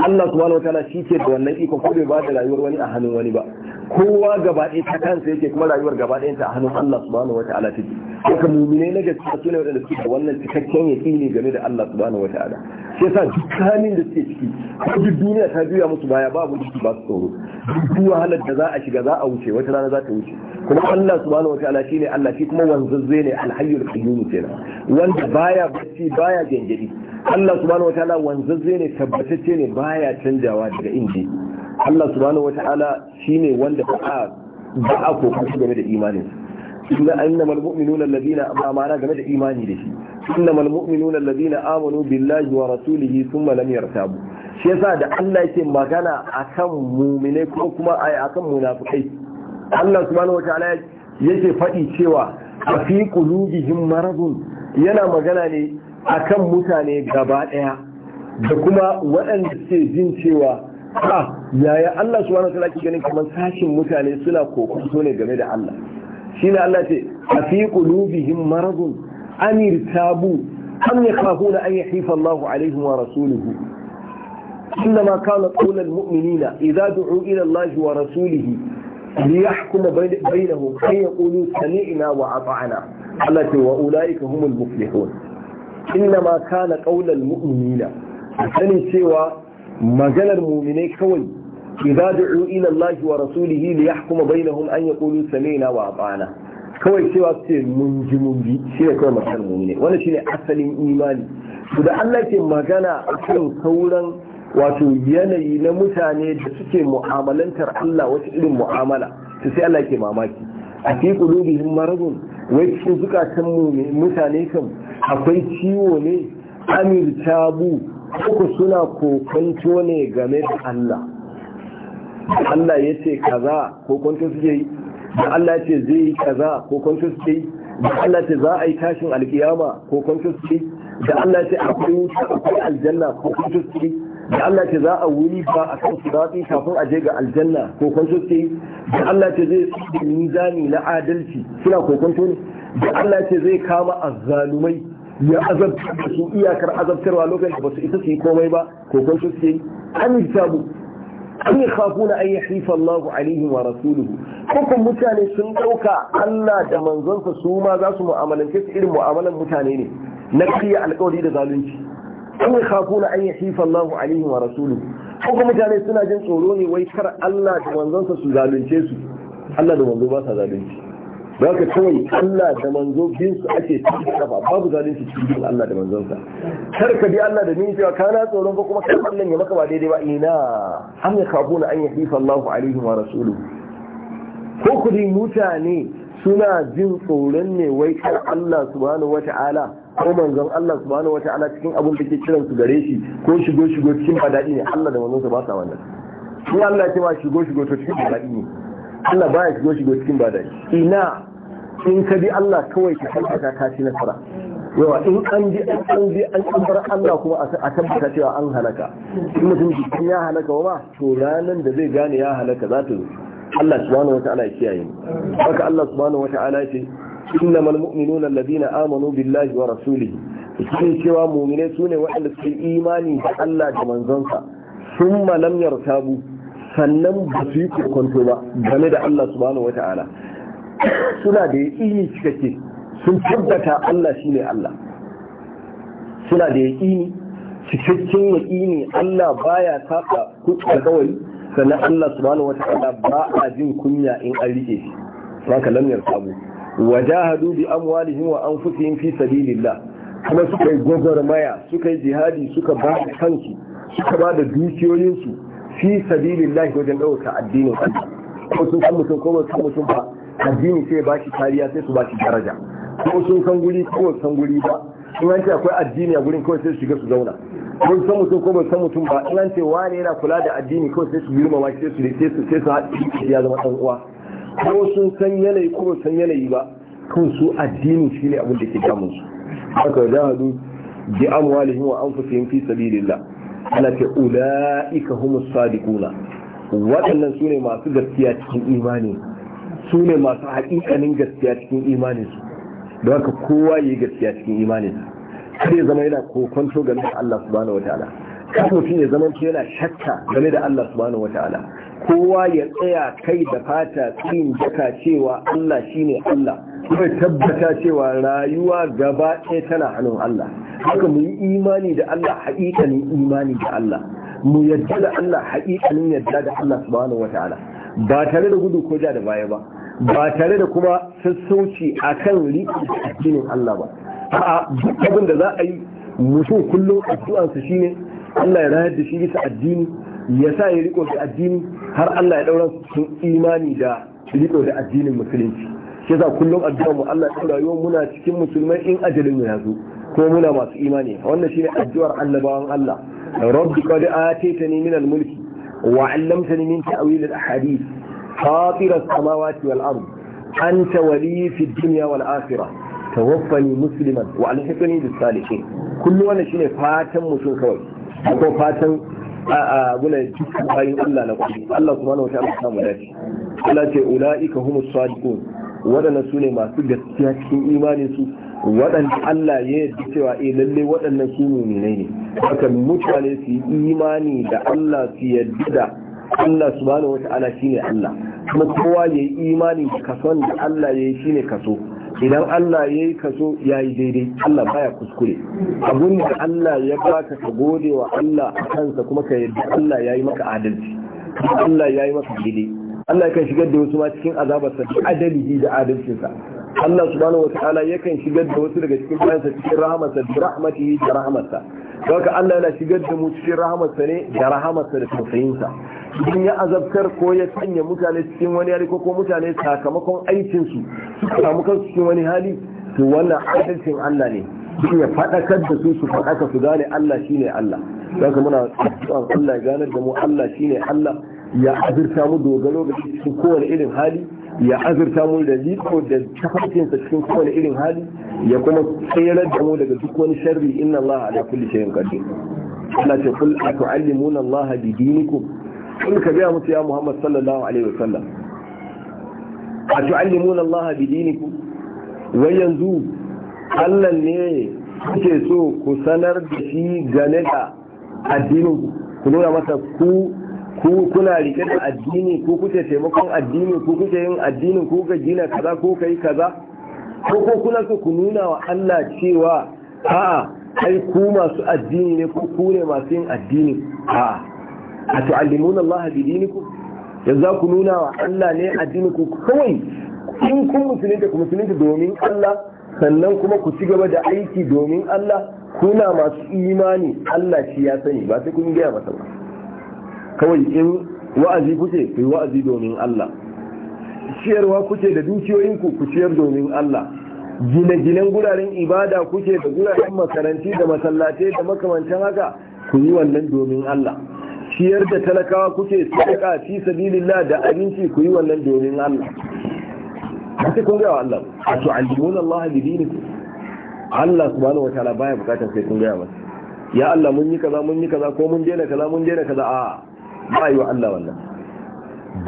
Allah subhanahu wataala shi ke da wannan iko ko bai ba da rayuwar wani a hannun wani ba kowa gaba ɗaya ta kansa yake kuma rayuwar gaba ɗaya ta a hannun Allah subhanahu wataala take haka mu'minai na gaskiya sune waɗanda suke da wannan cikakken yaƙini game da Allah subhanahu wataala shi yasa duk halin da suke ciki duk duniya ta juya musu baya babu ciki ba su tsoro duk wahalar da za a shiga za a wuce wata rana za ta wuce kuma Allah subhanahu wataala shine Allah shi kuma wanzazze ne alhayyul qayyum kenan wanda baya bacci baya gangadi Allah subhanahu wataala wanzazze ne tabbatacce ne baya canjawa daga inji Allah subhanahu wataala shine wanda ba ba a kokarin game da imanin inna innamal mu'minuna alladhina amana game da imani da shi innamal mu'minuna alladhina amanu billahi wa rasulihi thumma lam yartabu shi yasa da Allah yake magana akan mu'mine ko kuma akan munafikai Allah subhanahu wataala yake faɗi cewa a fi qulubihim maradun yana magana ne akan mutane gaba ɗaya da kuma waɗanda suke jin cewa a yaya Allah subhanahu wataala ke ganin kamar sashin mutane suna kokonto ne game da Allah shine Allah ce a fi qulubihim maradun amir tabu am yakhafuna an yahifa Allahu alaihim wa rasuluhu إنما كان قول المؤمنين إذا دعوا إلى الله ورسوله ليحكم بينهم أن يقولوا سمعنا وأطعنا التي وأولئك هم المفلحون إنما كان قول المؤمنين sani cewa maganar muminai kawai idza du'u ila Allah wa rasulihi li yahkuma bainahum an yaqulu sami'na wa ata'na kawai cewa ce mun ji mun bi shi ne kawai maganar muminai shine asalin imani Suda Allah magana akan sauran wato yanayi na mutane da suke mu'amalantar Allah wata irin mu'amala su sai Allah ke mamaki a fi qulubihim maradun wai cikin zukatan mutane kam akwai ciwo ne amir tabu uku suna kokonto ne game da Allah Allah ya ce kaza kokonto suke yi da Allah ce zai yi kaza kokonto suke yi da Allah ce za a yi tashin alkiyama kokonto suke yi da Allah ce akwai wuta akwai aljanna kokonto suke yi da Allah ce za a wuri ba a kan sirati kafin a je ga aljanna kokonto ce da Allah ce zai da mizani na adalci suna kokonto ne da Allah ce zai kama azzalumai ya azabtar da su iyakar azabtarwa lokacin da ba su isa su yi komai ba kokonto ce an yi sabu an yi khafuna an yahlifa Allah alaihi wa rasuluhu kokon mutane sun ɗauka Allah da manzonsa su ma za su mu'amalance su irin mu'amalan mutane ne na kiyaye alƙawari da zalunci an kafuna an yahifa Allahu alaihi wa rasuluhu ko kuma mutane suna jin tsoro ne wai kar Allah da manzonsa su zalunce su Allah da manzo ba sa zalunci ba ka kawai Allah da manzo bin su ake cikin kafa babu zalunci cikin Allah da manzonsa kar ka bi Allah da mini cewa kana tsoron ko kuma kar Allah ya maka ba daidai ba ina yi kafuna an yahifa Allahu alaihi wa rasuluhu ko kudi mutane suna jin tsoron ne wai kar Allah subhanahu wata'ala ko manzon Allah subhanahu wataala cikin abin da ke kiran su gare shi ko shigo shigo cikin badadi ne Allah da manzon sa ba sa wannan shi Allah ya ce ba shigo shigo to cikin badadi ne Allah baya shigo shigo cikin badadi ina in ka bi Allah kawai ka san ka ci nasara yawa in an ji an an ji an bar Allah kuma a tabbata cewa an halaka in mutum jikin ya halaka wa to ranan da zai gane ya halaka za ta zo Allah subhanahu wataala ya kiyaye haka Allah subhanahu wataala ya ce إنما المؤمنون الذين آمنوا بالله ورسوله sai cewa mumine ne waɗanda suka yi imani da Allah da manzonsa sun lam yartabu sannan ba su yi kokonto ba game da Allah subhanahu wata'ala suna da yaƙini cikakke sun tabbata Allah shine Allah suna da yaƙini cikakken yaƙini Allah baya saka alƙawari sannan Allah subhanahu wata'ala ba a jin kunya in an rike haka wajahadu bi amwalihim wa anfusihim fi sabilillah kuma suka yi gwagwarmaya suka yi jihadi suka ba da kansu suka ba da dukiyoyinsu fi sabilillah wajen ɗauka addinin Allah ko sun san mutum ko ba san mutum ba addini sai ba shi kariya sai su ba shi daraja ko sun san guri ko san guri ba in an ce akwai addini a gurin kawai sai su shiga su zauna kun san mutum ko bai san mutum ba in an ce wane yana kula da addini kawai sai su girmama sai su sai su sai su haɗi ya zama ɗan uwa ko sun san yanayi ko san yanayi ba kan su addini shi ne abin da ke damun su haka jahadu bi amwalihim wa anfusihim fi sabilillah ana ce ulaika humus sadiquna waɗannan su ne masu gaskiya cikin imani su ne masu haƙiƙanin gaskiya cikin imani su don haka kowa yi gaskiya cikin imani su kada ya zama yana kokonto game da Allah subhanahu wataala kada mutum ya zama yana shakka game da Allah subhanahu wataala kowa ya tsaya kai da fata tsayin jaka cewa Allah shine Allah kuma tabbata cewa rayuwa gaba ɗaya tana hannun Allah haka mu yi imani da Allah haƙiƙanin imani da Allah mu yadda da Allah haƙiƙanin yadda da Allah subhanahu wataala ba tare da gudu ko ja da baya ba ba tare da kuma sassauci akan addinin Allah ba a'a duk abin da za a yi mutum kullum addu'ansa shine Allah ya rayar da shi bisa addini ya sa ya riko da addini har Allah ya daura sun imani da riko da addinin musulunci shi yasa kullum addu'a mu Allah ya yau muna cikin musulmai in ajalin mu ya zo ko muna masu imani wannan shine addu'ar annabawan Allah rabbi qad ataytani min al-mulki wa 'allamtani min ta'wil al-ahadith fatir as-samawati wal ard anta wali fi dunya wal akhirah tawaffani musliman wa alhiqni bis salihin kullu wannan shine fatan mutum kawai ko fatan a guna dukkan bayin Allah na kwashi Allah subhanahu wata ya samu dace Allah ce ulaika humus sadiqun waɗannan su ne masu gaskiya cikin imanin su waɗanda Allah ya yarda cewa eh lalle waɗannan su mu'minai ne haka mutane su yi imani da Allah su yarda da Allah subhanahu wataala shine Allah kuma kowa ya yi imani kason da Allah ya yi shine kaso idan Allah ya yi kaso ya yi daidai Allah baya kuskure abun da Allah ya baka ka gode wa Allah a kansa kuma ka yarda Allah ya yi maka adalci Allah ya yi maka daidai Allah ya kan shigar da wasu ma cikin azabarsa da adalci da adalcinsa Allah subhanahu wataala yakan shigar da wasu daga cikin bayansa cikin rahamarsa da rahmatihi da rahmarsa haka Allah yana shigar da mu cikin rahamarsa ne da rahamarsa da tausayinsa idan ya azabtar ko ya sanya mutane cikin wani hali ko ko mutane sakamakon aikin su suka samu kansu cikin wani hali to wannan adalcin Allah ne shi ya faɗakar da su su faɗaka su gane Allah shine Allah haka muna son Allah ya ganar da mu Allah shine Allah ya azurta mu dogaro ga cikin kowane irin hali ya azurta mu da liko da tafarkinsa cikin kowane irin hali ya kuma tsayar da mu daga duk wani sharri inna Allah ala kulli shay'in qadir Allah ce kul atu'allimuna Allah bi dinikum kun ka ga mutu ya Muhammad sallallahu alaihi wasallam atu'allimuna Allah bi dinikum wai yanzu Allah ne kuke so ku sanar da shi game da addinin ku nuna masa ku ku kuna rike da addini ku kuke taimakon addini ku kuke yin addinin ku kuka gina kaza ku kai kaza ko ko kuna so ku nuna wa Allah cewa a'a kai ku masu addini ne ku ku ne masu yin addini a'a a tu'allimuna Allah bi ku? yanzu ku nuna wa Allah ne addini ku kawai in ku musulunta ku musulunta domin Allah sannan kuma ku ci gaba da aiki domin Allah kuna masu imani Allah shi ya sani ba sai kun gaya masa ba kawai in wa'azi kuke ku yi wa'azi domin Allah ciyarwa kuke da dukiyoyinku ku ciyar domin Allah gine-ginen guraren ibada kuke da guraren makaranti da masallatai da makamancin haka ku yi wannan domin Allah ciyar da talakawa kuke sadaka fi sabilillah da abinci ku yi wannan domin Allah kace kun ga Allah a tu'allimuna Allah bi dinikum Allah subhanahu wataala baya bukatar sai kun gaya masa ya Allah mun yi kaza mun yi kaza ko mun daina kaza mun daina kaza a'a ba yi wa Allah wannan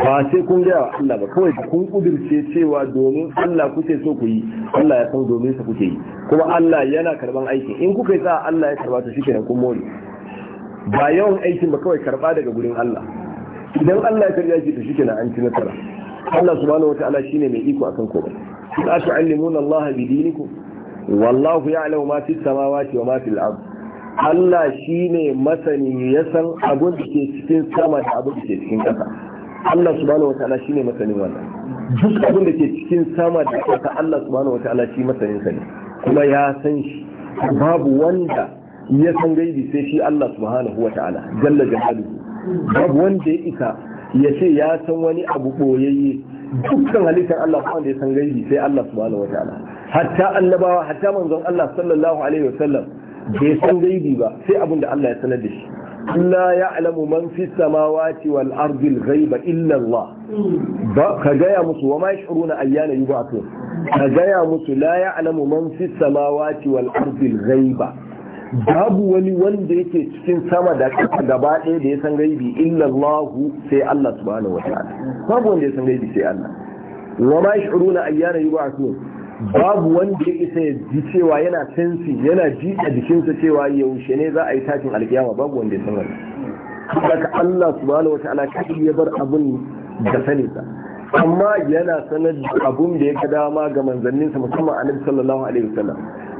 ba sai kun gaya wa Allah ba kawai kun kudirce cewa domin Allah kuke so ku yi Allah ya san domin sa kuke yi kuma Allah yana karban aikin in kuka yi sa Allah ya karba ta shi kenan kun more ba yawan aikin ba kawai karba daga gurin Allah idan Allah ya karya shi to shi kenan an ci nasara Allah subhanahu wataala shine mai iko akan komai in ashu allimuna Allah bi dinikum wallahu ya'lamu ma fi samawati wa ma fil ard Allah shi ne masani ya san abin da ke cikin sama da abin da ke cikin ƙasa Allah subhanahu wa ta'ala shi ne masanin wannan duk abin da ke cikin sama da ƙasa Allah subhanahu wa ta'ala shi masanin sa ne kuma ya san shi babu wanda ya san gaibi sai shi Allah subhanahu wa ta'ala jalla jalaluhu babu wanda ya isa ya ce ya san wani abu boyayye dukkan halittar Allah kuma da ya san gaibi sai Allah subhanahu wa ta'ala hatta annabawa hatta manzon Allah sallallahu alaihi wa sallam bai san gaibi ba sai abin da Allah ya sanar da shi la ya'lamu man fi samawati wal ardi al ghaiba illa Allah ba ka gaya musu wa ma yashuruna ayyana yub'atun ka gaya musu la ya'lamu man fi samawati wal ardi al ghaiba babu wani wanda yake cikin sama da ƙasa gaba ɗaya da ya san gaibi illa Allah sai Allah subhanahu wa ta'ala babu wanda ya san gaibi sai Allah wa ma yashuruna ayyana yub'atun babu wanda ya isa ya ji cewa yana sensi yana ji a jikinsa cewa yaushe ne za a yi tashin alkiyama babu wanda ya san wani haka Allah subhanahu wa ta'ala kai ya bar abun da sani sa amma yana sanar da abun da ya ga dama ga sa musamman annabi sallallahu alaihi wasallam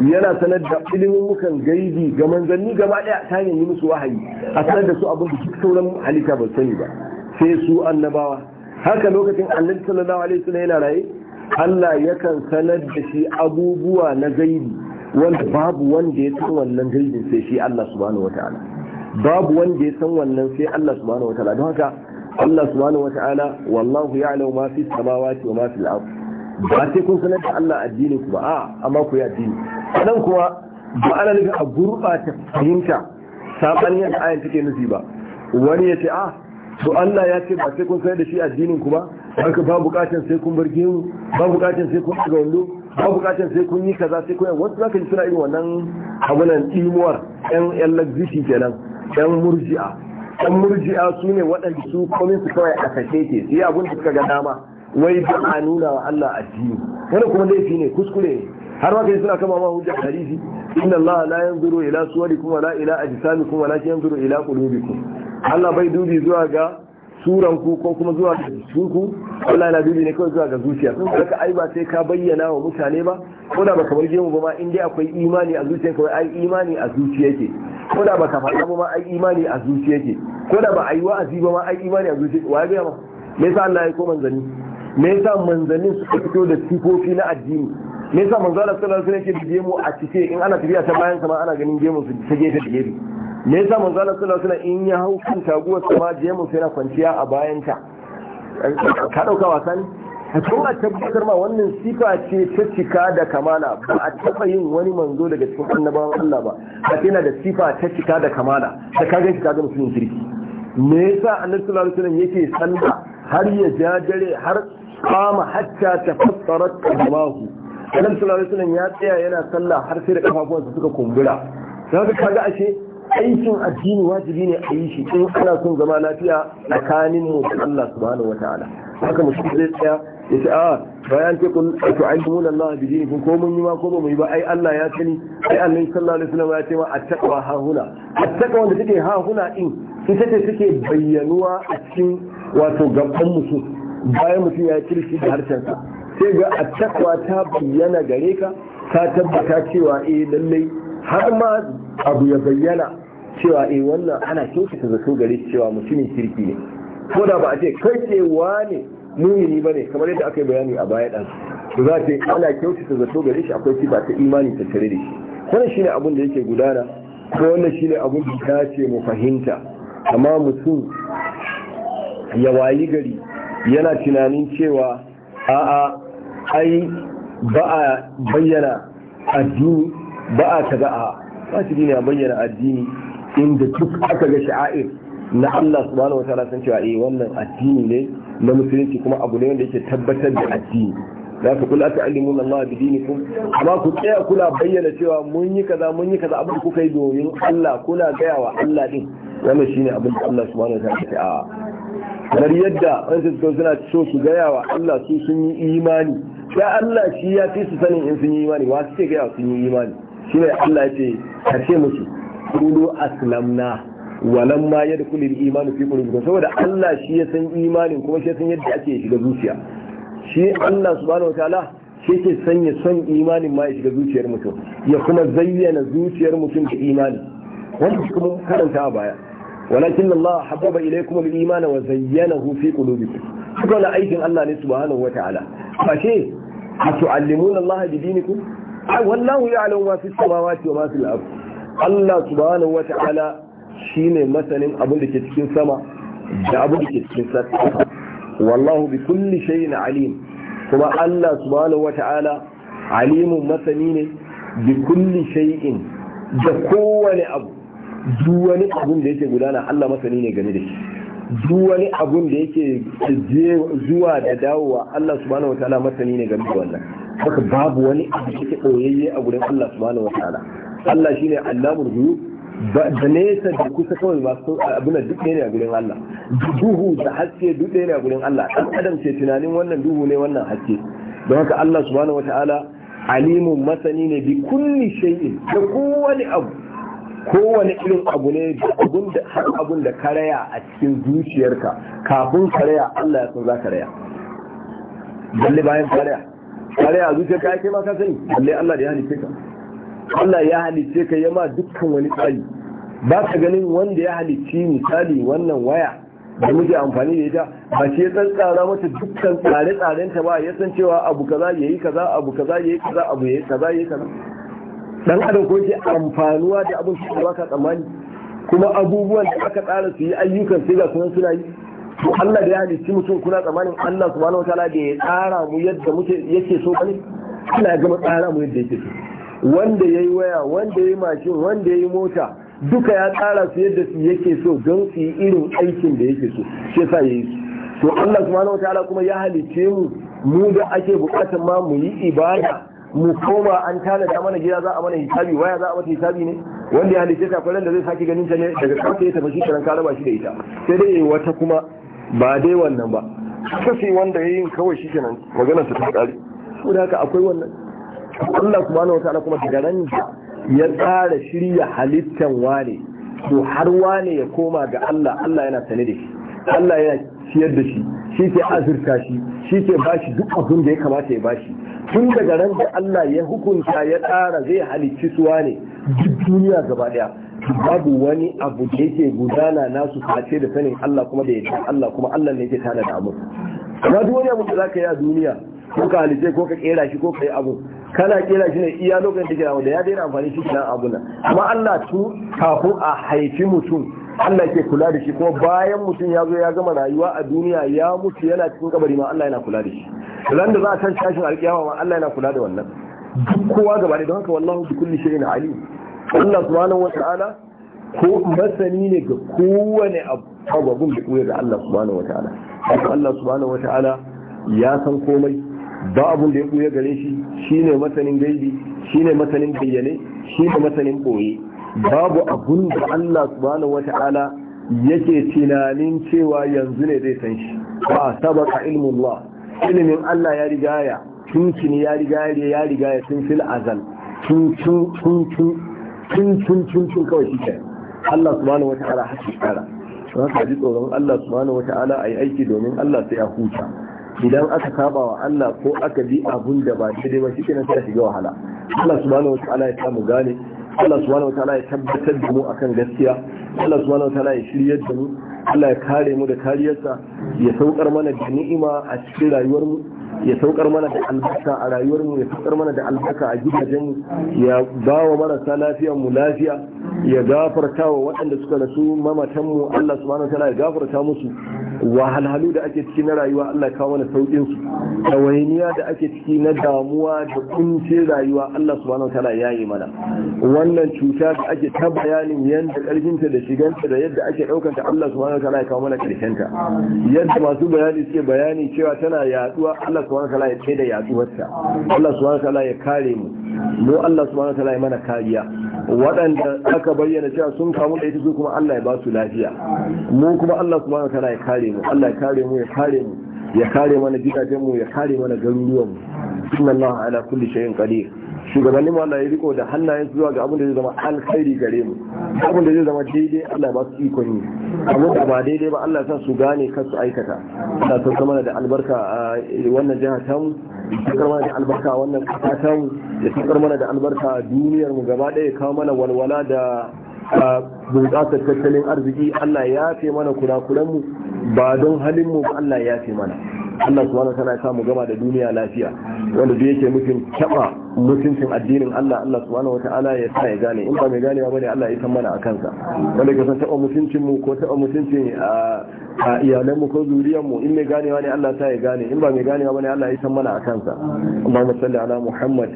yana sanar da ilimin mukan gaibi ga manzanni gaba daya ta yi musu wahayi a sanar da su abun da duk sauran halitta ba sani ba sai su annabawa haka lokacin annabi sallallahu alaihi wasallam yana raye Allah yakan sanar da shi abubuwa na gaibi wanda babu wanda ya san wannan gaibin sai shi Allah subhanahu wataala babu wanda ya san wannan sai Allah subhanahu wataala don haka Allah subhanahu wataala wallahu ya'lamu ma fi samawati wa ma fil ard ba sai kun sanar da Allah addini ku ba a amma ku yi addini nan kuma ba ana nufi a gurbata fahimta Saban yadda ayan take nufi ba wani ya ce a to Allah ya ce ba sai kun sanar da shi addinin ku ba haka ba bukatun sai kun bar gemu ba bukatun sai kun ga wando ba bukatun sai kun yi kaza sai kun wasu zaka ji suna irin wannan abunan timuwar yan yan lagziti kenan yan murji'a yan murji'a su ne waɗanda su komai su kawai a kashe ke su yi abin da suka ga dama wai ba a nuna wa Allah addini wani kuma laifi ne kuskure ne har waka suna kama ma hujja hadisi inna Allah la yanzuru ila suwarikum wala ila ajsamikum walakin yanzuru ila qulubikum Allah bai dubi zuwa ga suran ku ko kuma zuwa ga ku Allah yana dubi ne kawai zuwa ga zuciya Kuma ka ai ba sai ka bayyana wa mutane ba ko da baka bar mu ba ma in dai akwai imani a zuciyarka wai ai imani a zuciya yake ko da baka faɗa ba ma ai imani a zuciya yake ko da ba ai wa'azi ba ma ai imani a zuciya wa ga ma me yasa Allah ya ko manzanni me yasa manzannin suka fito da sifofi na addini me yasa manzo Allah sallallahu alaihi wasallam yake gemu a cike in ana tafiya ta bayan sama ana ganin gemun su ta gefe da gefe me yasa manzo Allah sallallahu alaihi wasallam in ya hau kan taguwar sama ma gemun na yana kwanciya a bayan ta ka dauka wasa ne a a tabbatar ma wannan sifa ce ta cika da kamala ba a taba yin wani manzo daga cikin annabawan Allah ba a yana da sifa ta cika da kamala da ka ganshi ka ga mutumin kirki me yasa annabawan sallallahu alaihi wasallam yake sanda har ya jajare har kama hatta tafassara kamahu annabi sallallahu alaihi wasallam ya tsaya yana sallah har sai da kafafuwansa suka kumbura sai ka ashe aikin addini wajibi ne a yi shi in ana son zama lafiya tsakanin mu da Allah subhanahu wataala haka mutum zai tsaya ya ce a ah, bayan ce kun tu'allimuna Allah bi dinikum ko mun yi ma ko ba mu yi ba ai Allah ya sani ai Annabi sallallahu alaihi wasallam ya ce ma attaqwa ha huna attaqwa da take ha huna din ita ce take bayyanuwa a cikin wato gaban mutum bayan mutum ya kirki da harshensa sai ga takwa ta bayyana gare ka ka tabbata cewa eh lallai har ma abu ya bayyana cewa eh wannan ana kyautata zato gare shi cewa mutumin kirki ne ko da ba a ce kai ce wane mumini bane kamar yadda aka yi bayani a baya dan to za ta ana kyautata zato gare shi akwai sifa ta imani ta tare da shi wannan shine abin da yake gudana ko wannan shine abin da ya ce mu fahimta amma mutum ya wayi gari yana tunanin cewa a'a ai ba a bayyana addini ba a kaza a wajibi ne a bayyana addini inda duk aka ga sha'air na Allah subhanahu wataala san cewa eh wannan addini ne na musulunci kuma abu ne wanda yake tabbatar da addini za ku kula ta alimun Allah bi dinikum amma ku tsaya kula bayyana cewa mun yi kaza mun yi kaza abin kuka yi domin Allah kuna gaya wa Allah din wannan shine abin da Allah subhanahu wataala ya ce a kamar yadda wani suka suna so su gaya wa Allah su sun yi imani ya Allah shi ya fi su sanin in sun yi imani wa suke gaya sun yi imani shi ne Allah ce ka ce musu kulu aslamna walan ma yadkhulul imanu fi qulubikum saboda Allah shi ya san imanin kuma shi ya san yadda ake shiga zuciya shi Allah subhanahu wataala shi ke sanya son imanin ma ya shiga zuciyar mutum ya kuma zayyana zuciyar mutum da imani wanda kuma karanta a baya walakin Allah hababa ilaykum al-iman wa zayyanahu fi qulubikum wannan aikin Allah ne subhanahu wa ta'ala ba ce atu'allimuna Allah bi dinikum ai wallahu ya'lamu ma fi samawati wa ma fil ard Allah subhanahu wa ta'ala shine masanin abin da ke cikin sama da abin da ke cikin ƙasa wallahu kuma Allah subhanahu wa ta'ala masani ne bi kulli da kowane abu duk wani abun da yake gudana Allah masani ne game da shi duk wani abun da yake zuwa da dawowa Allah subhanahu wataala masani ne game da wannan haka babu wani abu da yake koyayye a gurin Allah subhanahu wataala Allah shine allamul ghuyub da nesa da kusa kawai masu abin duk ne a gurin Allah duhu da haske duk ne a gurin Allah dan adam ce tunanin wannan duhu ne wannan haske don haka Allah subhanahu wataala alimun masani ne bi kulli shay'in da kowani abu kowane irin abu ne har abun da karaya a cikin zuciyarka kafin karaya Allah ya san za karaya balle bayan karaya karaya zuciyar ka ya maka sani balle Allah da ya halice ka Allah ya halice ka yama dukkan wani tsari ba ka ganin wanda ya halicci misali wannan waya da muke amfani da ita ba ce ya tsara mata dukkan tsare-tsarenta ba ya san cewa abu kaza yayi kaza abu kaza yayi kaza abu yayi kaza yayi kaza dan adam ko ce amfanuwa da abin da ka tsammani kuma abubuwan da aka tsara su yi ayyukan sai ga sunan suna yi to Allah da ya halicci mutum kuna tsammanin Allah subhanahu wataala da ya tsara mu yadda muke yake so bane Allah ya gama tsara mu yadda yake so wanda yayi waya wanda yayi mashin wanda yayi mota duka ya tsara su yadda su yake so don su yi irin aikin da yake so shi yasa yayi su to Allah subhanahu wataala kuma ya halicce mu mu da ake bukatar ma mu yi ibada mu koma an tana da mana gida za a mana hisabi waya za a mata hisabi ne wanda ya halice ta kwanan da zai sake ganin ta ne daga kanta ya tafi shi karan kalaba shi da ita sai dai wata kuma ba dai wannan ba kafi wanda ya yin kawai shi kenan maganar ta ko da haka akwai wannan Allah subhanahu wataala kuma daga nan ya tsara shirya halittan wane to har wane ya koma ga Allah Allah yana sane da shi Allah yana ciyar da shi shi ke azurta shi shi ke bashi duk abin da ya kamata ya bashi tun daga ran da Allah ya hukunta ya tsara zai halicci suwa ne duk duniya gaba daya babu wani abu da yake gudana nasu face da sanin Allah kuma da yake Allah kuma Allah ne yake tana da abu ba duk wani abu da zaka yi a duniya ko ka halice ko ka kera shi ko ka yi abu kana kera shi ne iya lokacin da da ya daina amfani shi na abu na. amma Allah tun kafin a haifi mutum Allah ke kula da shi kuma bayan mutum ya zo ya gama rayuwa a duniya ya mutu yana cikin kabari ma Allah yana kula da shi ran da za a san tashin alƙiyama ma Allah yana kula da wannan duk kowa gaba da don haka wallahu bi kulli shay'in alim Allah subhanahu wa ta'ala ko masani ne ga kowane abu agwagwun da kuwa ga Allah subhanahu wa ta'ala Allah subhanahu wa ta'ala ya san komai ba abun da ya buya gare shi shine masanin gaibi shine masanin bayyane shine masanin boye babu abun da Allah subhanahu wata'ala yake tunanin cewa yanzu ne zai san shi ba sabaka ilmullah ilimin Allah ya rigaya tunkini ya rigaya ya rigaya tun fil azal tun tun tun tun tun tun kawai shi kenan Allah subhanahu wata'ala haka tsara don haka ji tsoron Allah subhanahu wata'ala ayi aiki domin Allah sai a huta idan aka saba wa Allah ko aka bi abun da ba daidai ba shi kenan sai a shiga wahala Allah subhanahu wata'ala ya samu gane Allah subhanahu wataala ya tabbatar da mu akan gaskiya Allah subhanahu wataala ya shiryar da mu Allah ya kare mu da kariyarsa ya saukar mana da ni'ima a cikin rayuwar mu ya saukar mana da albarka a rayuwarmu ya saukar mana da albarka a gidajenmu ya ba wa marasa lafiyar mu lafiya ya gafarta wa waɗanda suka rasu mamatanmu Allah subhanahu wataala ya gafarta musu wahalhalu da ake ciki na rayuwa Allah ya kawo mana saukin su dawainiya da ake ciki na damuwa da kunce rayuwa Allah subhanahu wataala ya yi mana wannan cuta da ake ta bayanin yadda ta da shiganta da yadda ake ɗaukanta Allah subhanahu wataala ya kawo mana ta", yadda masu bayani suke bayani cewa tana yaduwa Allah subhanahu wataala ya da yaduwarta Allah subhanahu wataala ya kare mu mu Allah subhanahu wataala ya mana kariya waɗanda aka bayyana cewa sun kamu da ita su kuma Allah ya ba su lafiya mu kuma Allah subhanahu wataala ya kare mu Allah ya kare mu ya kare mu ya kare mana gidajen mu ya kare mana garuruwan mu inna allaha ala kulli shay'in qadir shugabanni mu Allah ya riko da hannayen zuwa ga abin da zai zama alkhairi gare mu abin da zai zama daidai Allah ba su iko ne amma da ba daidai ba Allah sa su gane kan su aikata Allah ta kama da albarka a wannan jiha ta mu ta mana da albarka a wannan kasa ta mu da ta mana da albarka a duniyar mu gaba ɗaya kawo mana walwala da bunƙasar tattalin arziki Allah ya fi mana mu ba don halin mu Allah ya fi mana Allah subhanahu wa ta'ala mu gama da duniya lafiya wanda da yake mutum taba mutuncin addinin Allah Allah subhanahu wa ta'ala ya sa ya gane in ba mai ganewa bane Allah ya san mana a kansa wanda ka san taba mutuncin mu ko taba mutuncin a iyalan mu ko zuriyar mu in mai ganewa ne Allah sa ya gane in ba mai ganewa bane Allah ya san mana a kansa Allahumma salli ala Muhammad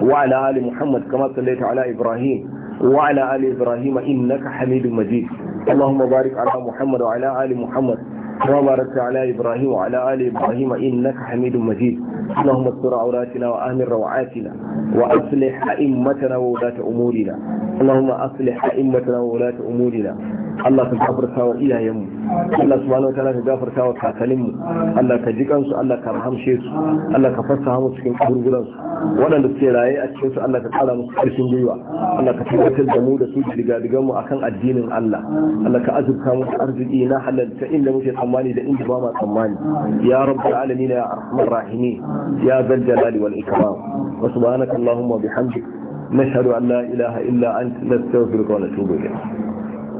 wa ala ali Muhammad kama sallaita ala Ibrahim wa ala وعلى آل إبراهيم إنك حميد مجيد اللهم ala muhammad wa ala ali muhammad. كما باركت على إبراهيم وعلى آل إبراهيم إنك حميد مجيد اللهم استر عوراتنا وآمن روعاتنا وأصلح أئمتنا وولاة أمورنا اللهم أصلح أئمتنا وولاة أمورنا Allah ka gafarta wa iyayenmu Allah subhanahu wataala ka gafarta wa kakanninmu Allah ka jikan su Allah ka rahamshe su Allah ka fassaha musu cikin kaburburan su waɗanda suke raye a cikin su Allah ka kara musu ƙarfin gwiwa Allah ka tabbatar da mu da su digadigan mu akan addinin Allah Allah ka azurta mu arziki na halal ta inda muke tsammani da inda ba ma tsammani ya rabbul alamin ya arhamar rahimin ya zal jalali wal ikram wa subhanaka allahumma bihamdik نشهد أن لا إله إلا أنت نستغفرك ونتوب إليك